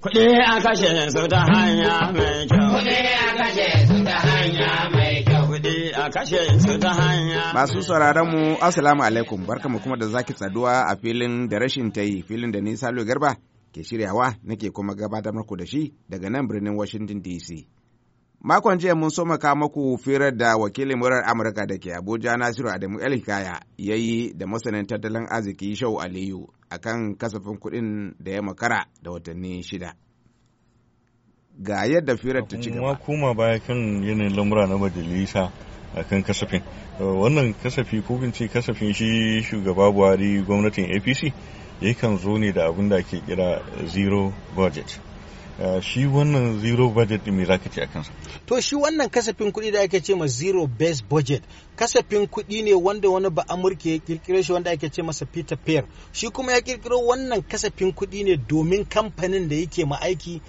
Kuɗi a kashe su ta hanya mai kyau. Kuɗi a kashe su ta hanya mai kyau. Kuɗi a kashe su ta hanya. Masu sauraron mu Assalamu alaikum barkamu kuma da zaki tsaduwa a filin da rashin ta yi filin da ni Salo Garba ke shiryawa nake kuma gabatar muku da shi daga nan birnin Washington DC. Makon jiya mun so maka maku firar da wakilin murar Amurka da ke Abuja Nasiru Adamu Elhikaya ya yi da masanin tattalin arziki Shau Aliyu a kan kasafin kuɗin da ya makara da watanni shida. Ga yadda firar ta ci gaba. kuma baya kan yanayin lamura na majalisa akan kasafin. Uh, wannan kasafi ko ce kasafin shi shugaba Buhari gwamnatin APC yakan zo ne da abin da ake kira zero budget. Eh, shi wannan zero budget me za ka ce a kansa to shi wannan kasafin kuɗi da ake ce ma zero based budget kasafin kuɗi ne wanda wani ba amurka ya kirkiro shi wanda ake ce masa peter pair shi kuma ya kirkiro wannan kasafin kuɗi ne domin kamfanin da yake ma aiki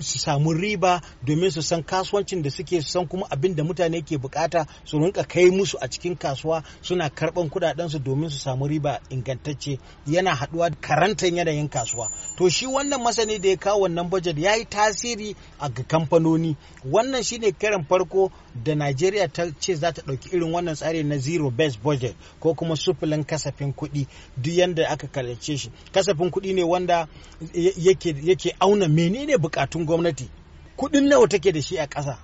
su samu riba domin su san kasuwancin da suke su san kuma abin da mutane ke bukata su rinka kai musu a cikin kasuwa suna karban kudaden su domin su samu riba ingantacce yana haduwa karantar yanayin kasuwa to shi wannan masani da ya kawo wannan budget ya yi tasiri a ga kamfanoni wannan shine karin farko da najeriya ta ce za ta ɗauki irin wannan tsari na zero best budget ko kuma sufulin kasafin kuɗi duk yadda aka kalace shi kasafin kuɗi ne wanda yake auna menene bukatun gwamnati kuɗin nawa take da shi a ƙasa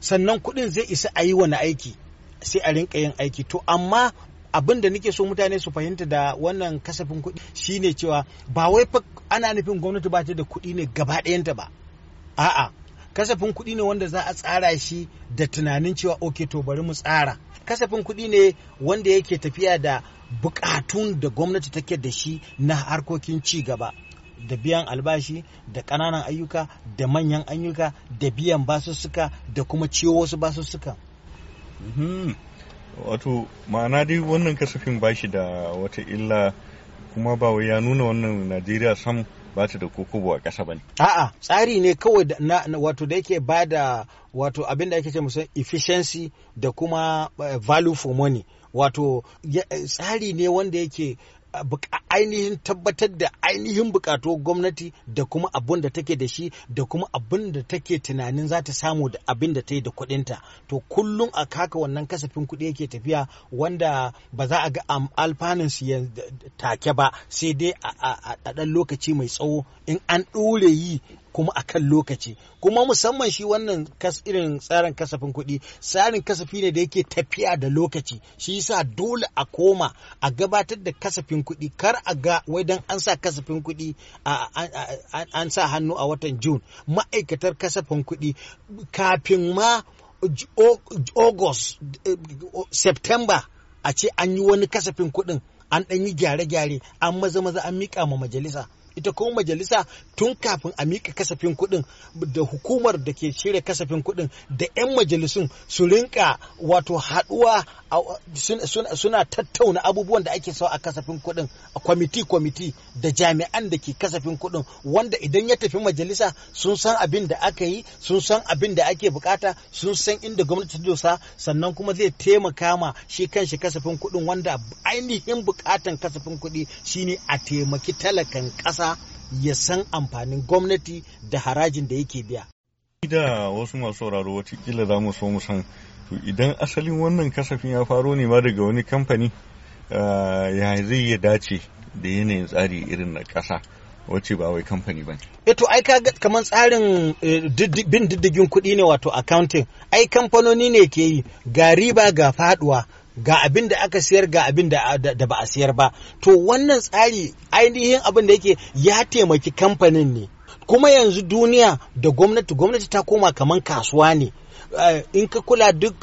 sannan kuɗin zai isa a yi wani aiki sai a rinka yin aiki to amma abin da nake so mutane su fahimta da wannan kasafin kuɗi shine cewa ba wai fa ana nufin gwamnati ba ta da kuɗi ne gaba ɗayanta ba a'a kasafin kuɗi ne wanda za a tsara shi da tunanin cewa oke to bari mu tsara kasafin kuɗi ne wanda yake tafiya da buƙatun da gwamnati take da shi na harkokin ci gaba da biyan albashi da ƙananan ayyuka da manyan ayyuka da biyan basussuka da kuma ciwo wasu basussuka mhm. wato ma'ana dai wannan kasafin ba shi da wata illa kuma ba wai ya nuna wannan najeriya sam ba ta da kokobo a ƙasa ba ne a'a tsari ne kawai na wato da yake ba da wato abin da ake ce musan efficiency da kuma eh, value for money wato eh, tsari ne wanda yake ainihin tabbatar da ainihin bukatu gwamnati da kuma abun da take da shi da kuma abun da take tunanin za ta samu da abin da ta yi da kudinta to kullum a kaka wannan kasafin kudi yake tafiya wanda ba za a ga alfanun su take ba sai dai a ɗan lokaci mai tsawo in an ɗore yi kuma a kan lokaci kuma musamman shi wannan irin tsarin kasafin kuɗi tsarin kasafi ne da yake tafiya da lokaci shi yasa dole a koma a gabatar da kasafin kuɗi kar a ga wai dan an sa kasafin kuɗi an sa hannu a watan june ma'aikatar kasafin kuɗi kafin ma august eh, september a ce an yi wani kasafin kuɗin an ɗan yi gyare-gyare an maza-maza an miƙa ma majalisa ita kuma majalisa tun kafin a mika kasafin kuɗin da hukumar da ke shirya kasafin kuɗin da 'yan majalisun su rinka wato haɗuwa suna tattauna abubuwan da ake so a kasafin kuɗin a kwamiti kwamiti da jami'an da ke kasafin kuɗin wanda idan ya tafi majalisa sun san abin da aka yi sun san abin da ake bukata sun san inda gwamnati ta dosa sannan kuma zai taimaka ma shi kan shi kasafin kuɗin wanda ainihin bukatan kasafin kuɗi shine a taimaki talakan ƙasa ya san amfanin gwamnati da harajin da yake biya. Da wasu masu sauraro watakila za mu so mu san to idan asalin wannan kasafin ya faro ne ma daga wani kamfani eh, ya zai ya dace da yanayin tsari irin na ƙasa wacce ba wai kamfani ba ne. Eh, to ai kaga kamar tsarin eh, bin diddigin kuɗi ne wato accounting ai kamfanoni ne ke yi ga riba ga faduwa ga abin da aka siyar ga abin da, ba a siyar ba to wannan tsari ainihin abin da yake ya taimaki kamfanin ne kuma yanzu duniya da gwamnati gwamnati ta koma kamar kasuwa ne Eh, in ka kula duk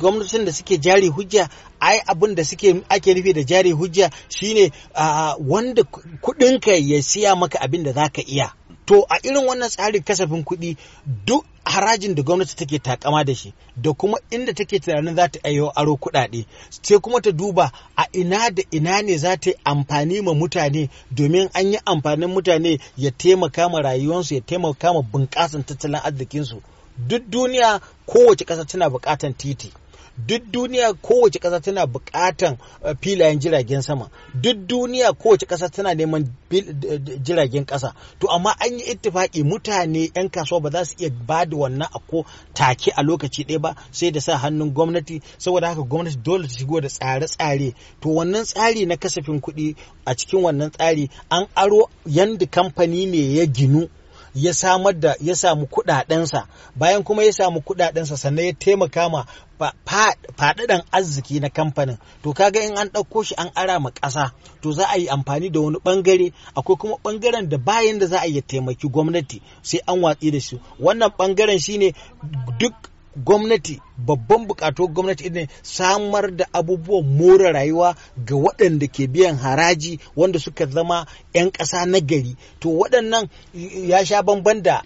gwamnatin da suke jari hujja ai abin da suke ake nufi da jari hujja shine wanda kudinka ya siya maka abin da za ka iya to a irin wannan tsarin kasafin kuɗi duk harajin da gwamnati take takama da shi da kuma inda take tunanin za ta ayyo aro kuɗaɗe sai kuma ta duba a ina da ina ne za ta yi amfani ma mutane domin an yi amfanin mutane ya taimaka ma rayuwarsu ya taimaka ma bunƙasan tattalin arzikinsu duk duniya kowace ƙasa tana buƙatan titi duk duniya kowace ƙasa tana buƙatan eh, filayen jiragen sama duk duniya kowace ƙasa tana neman jiragen ƙasa to amma an yi ittifaki mutane 'yan kasuwa ba za su iya ba da wannan ako take a lokaci ɗaya ba sai da sa hannun gwamnati saboda haka gwamnati dole ta shigo da tsare-tsare to wannan tsari na kasafin kuɗi a cikin wannan tsari an aro yanda kamfani ne ya ginu ya samar da ya samu kudadensa bayan kuma ya samu kudadensa sannan ya taimaka ma faɗaɗan arziki na kamfanin to kaga in an ɗauko shi an ara ma ƙasa to za a yi amfani da wani ɓangare akwai kuma ɓangaren da bayan da za a yi taimaki gwamnati sai an watsi da su wannan ɓangaren shine duk gwamnati babban bukatuwar gwamnati ne samar da abubuwan more rayuwa ga waɗanda ke biyan haraji wanda suka zama 'yan ƙasa na gari to waɗannan ya sha bamban da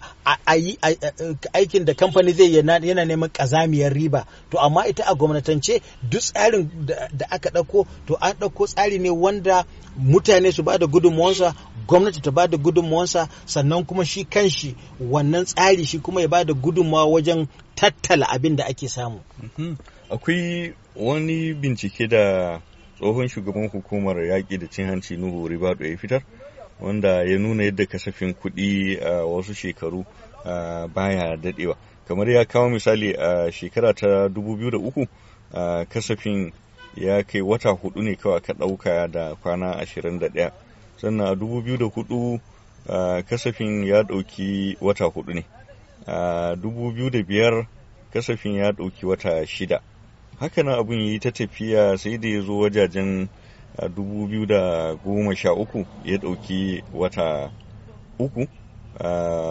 aikin da kamfani zai yana neman ƙazamiyar riba to amma ita a gwamnatance duk tsarin da aka ɗauko to an ɗauko tsari ne wanda mutane su ba da gudunmuwansa gwamnati ta bada gudunmuwansa sannan kuma shi kanshi wannan tsari shi kuma ya bada gudunmawa wajen tattala abin da ake samu mhm. akwai wani bincike da tsohon shugaban hukumar yaƙi da cin hanci nuhu Ribadu ya fitar wanda ya nuna yadda kasafin kuɗi a wasu shekaru baya daɗewa kamar ya kawo misali a shekara ta da 2003 kasafin ya kai wata hudu ne kawai ka ɗauka da kwana ashirin da 21 sannan a 2004 kasafin ya ɗauki wata hudu ne a 2005 kasafin ya ɗauki wata shida hakanan abin yi ta tafiya sai da ya zo wajajen 2013 ya ɗauki wata uku a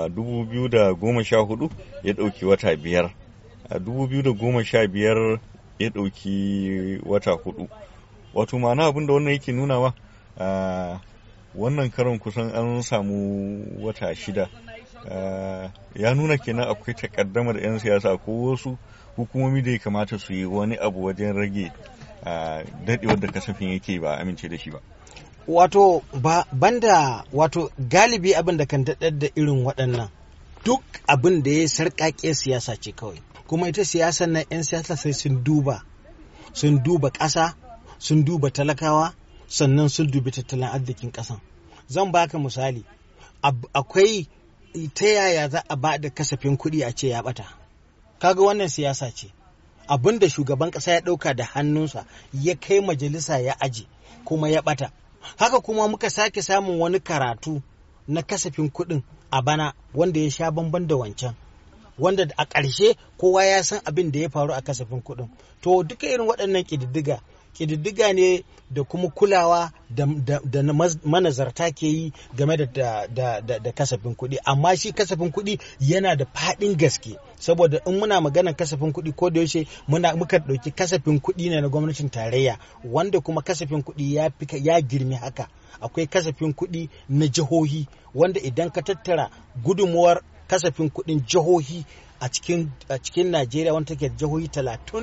2014 ya ɗauki wata biyar a 2015 ya ɗauki wata hudu wato ma'ana abinda da wannan yake ba wannan karon kusan an samu wata shida eh, ya nuna kenan akwai takaddamar 'yan siyasa ko wasu hukumomi da ya kamata su yi wani abu wajen rage eh, daɗewar da kasafin yake ba amince da shi ba wato banda wato galibi abin da kan daɗar da irin waɗannan duk abin da ya sarƙaƙe siyasa ce kawai kuma ita siyasar na 'yan siyasa sai sun duba sun duba ƙasa sun duba talakawa sannan sun dubi tattalin arzikin ƙasan zan baka misali akwai ta yaya za a ba da kasafin kuɗi a ce ya bata kaga wannan siyasa ce abin da shugaban ƙasa ya ɗauka da hannunsa ya kai majalisa ya aji kuma ya bata haka kuma muka sake samun wani karatu na kasafin kuɗin a bana wanda ya sha bamban da wancan wanda a ƙarshe kowa ya san abin da ya faru a kasafin kuɗin to duka irin waɗannan ƙididdiga kididdiga ne da kuma kulawa da manazarta ke yi game da kasafin kuɗi amma shi kasafin kuɗi yana da faɗin gaske saboda in muna maganar kasafin kuɗi ko da yaushe muna muka ɗauki kasafin kuɗi ne na gwamnatin tarayya wanda kuma kasafin kuɗi ya girmi haka akwai kasafin kuɗi na jihohi wanda idan ka tattara gudunmuwar kasafin kuɗin jihohi a cikin najeriya cikin Najeriya wanda take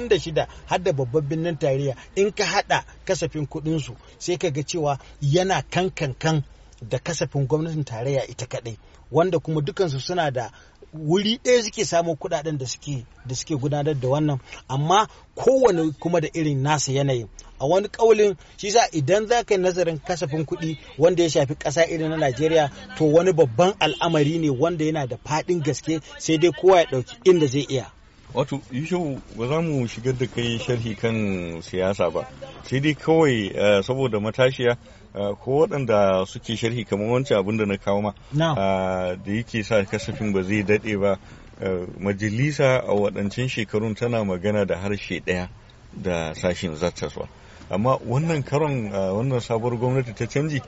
da shida har da babban birnin tarayya in ka hada kasafin kuɗin su sai ka ga cewa yana kan kan da kasafin gwamnatin tarayya ita kadai wanda kuma dukansu suna da wuri ɗaya suke samun kuɗaɗen da suke gudanar da wannan amma kowane kuma da irin nasa yanayi. a wani kaulin shi sa idan za ka yi nazarin kasafin kuɗi wanda ya shafi ƙasa irin na najeriya to wani babban al'amari ne wanda yana da faɗin gaske sai dai kowa ya ɗauki inda zai iya wato yusuf ba za mu shigar da kai sharhi kan siyasa ba sai dai kawai eh, saboda matashiya Eh, ko waɗanda suke sharhi kamar wancan abin da na kawo ma eh, da yake sa kasafin ba zai daɗe ba eh, majalisa a waɗancan shekarun tana magana da harshe ɗaya da sashin zartaswa amma wannan karon wannan sabuwar gwamnati ta canji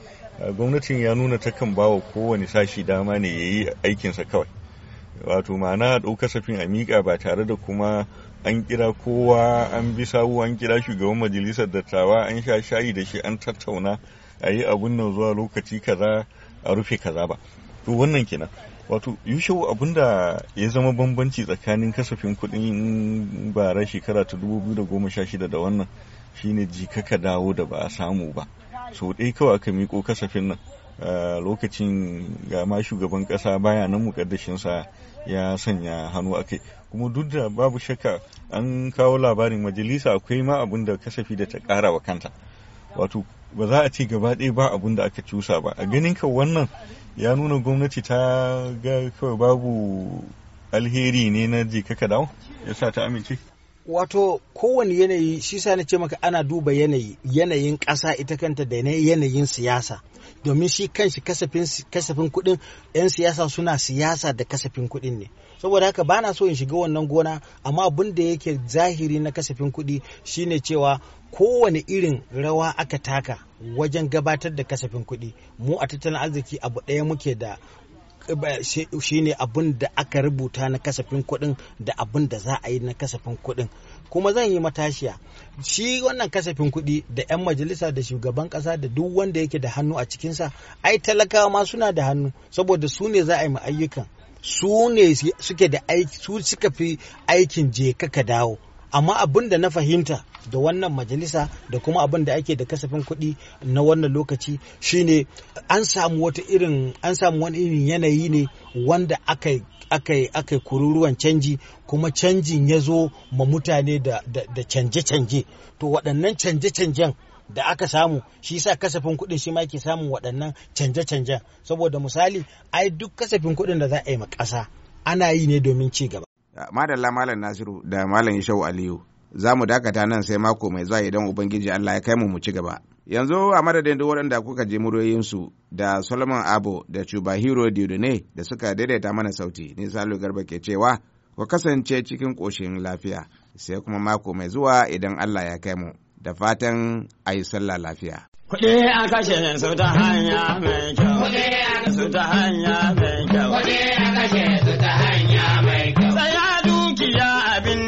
gwamnatin ya nuna takan kan bawa kowane sashi dama ne ya yi aikinsa kawai wato ma'ana ɗau kasafin a miƙa ba tare da kuma an kira kowa an bi sawu an kira shugaban majalisar dattawa an sha shayi da shi an tattauna a yi abun nan zuwa lokaci kaza a rufe kaza ba to wannan kenan wato yushe abun da ya zama bambanci tsakanin kasafin kuɗin bara shekara ta 2016 da wannan shine jikaka dawo da ba a samu ba sau ɗaya kawai aka miko kasafin nan lokacin ga ma shugaban ƙasa baya nan mukaddashinsa ya sanya hannu a kai kuma duk da babu shakka an kawo labarin majalisa akwai ma abun da kasafi da ta ƙara wa kanta wato ba za a ce gaba ɗaya ba abun da aka cusa ba a ganin ka wannan ya nuna gwamnati ta ga kawai babu alheri ne na je ka dawo ya sa ta amince wato kowane yanayi shi sa na ce maka ana duba yanayi yanayin ƙasa ita kanta da yanayin siyasa domin shi kanshi kasafin kuɗin 'yan siyasa suna siyasa da kasafin kuɗi ne saboda haka ba na so in shiga wannan gona amma abin da yake zahiri na kasafin kuɗi shine cewa kowane irin rawa aka taka wajen gabatar da kasafin kuɗi mu a tattalin arziki abu ɗaya muke da shine abin da aka rubuta na kasafin kuɗin da abin da za a yi na kasafin kuɗin kuma zan yi matashiya shi wannan kasafin kuɗi da 'yan majalisa da shugaban ƙasa da duk wanda yake da hannu a cikinsa ai talakawa ma suna da hannu saboda su ne za a yi ayyukan su ne suke da aiki su suka fi aikin je kaka dawo amma abin da na fahimta da wannan majalisa da kuma abin da ake da kasafin kuɗi na wannan lokaci shine an samu wata irin an samu wani irin yanayi ne wanda aka aka kururuwan canji kuma canjin ya zo ma mutane da canje-canje to waɗannan canje-canjen da aka samu shi sa kasafin kuɗin shi ma ke samun waɗannan canje-canjen saboda misali ai duk kasafin kuɗin da za a yi ma ƙasa ana yi ne domin ci gaba. madalla malam nasiru da malam ishau aliyu za mu dakata nan sai mako mai zuwa idan ubangiji allah ya kai mu mu ci gaba yanzu a madadin duk waɗanda kuka je muryoyinsu da solomon abo da chubahiro diodone da suka daidaita mana sauti ni salo garba ke cewa ku kasance cikin ƙoshin lafiya sai kuma mako mai zuwa idan allah ya kai mu. da fatan a yi sallah lafiya. Kuɗi a kashe su ta hanya mai kyau. Kuɗi a kashe su ta hanya mai kyau. Kuɗi a kashe su ta hanya mai kyau.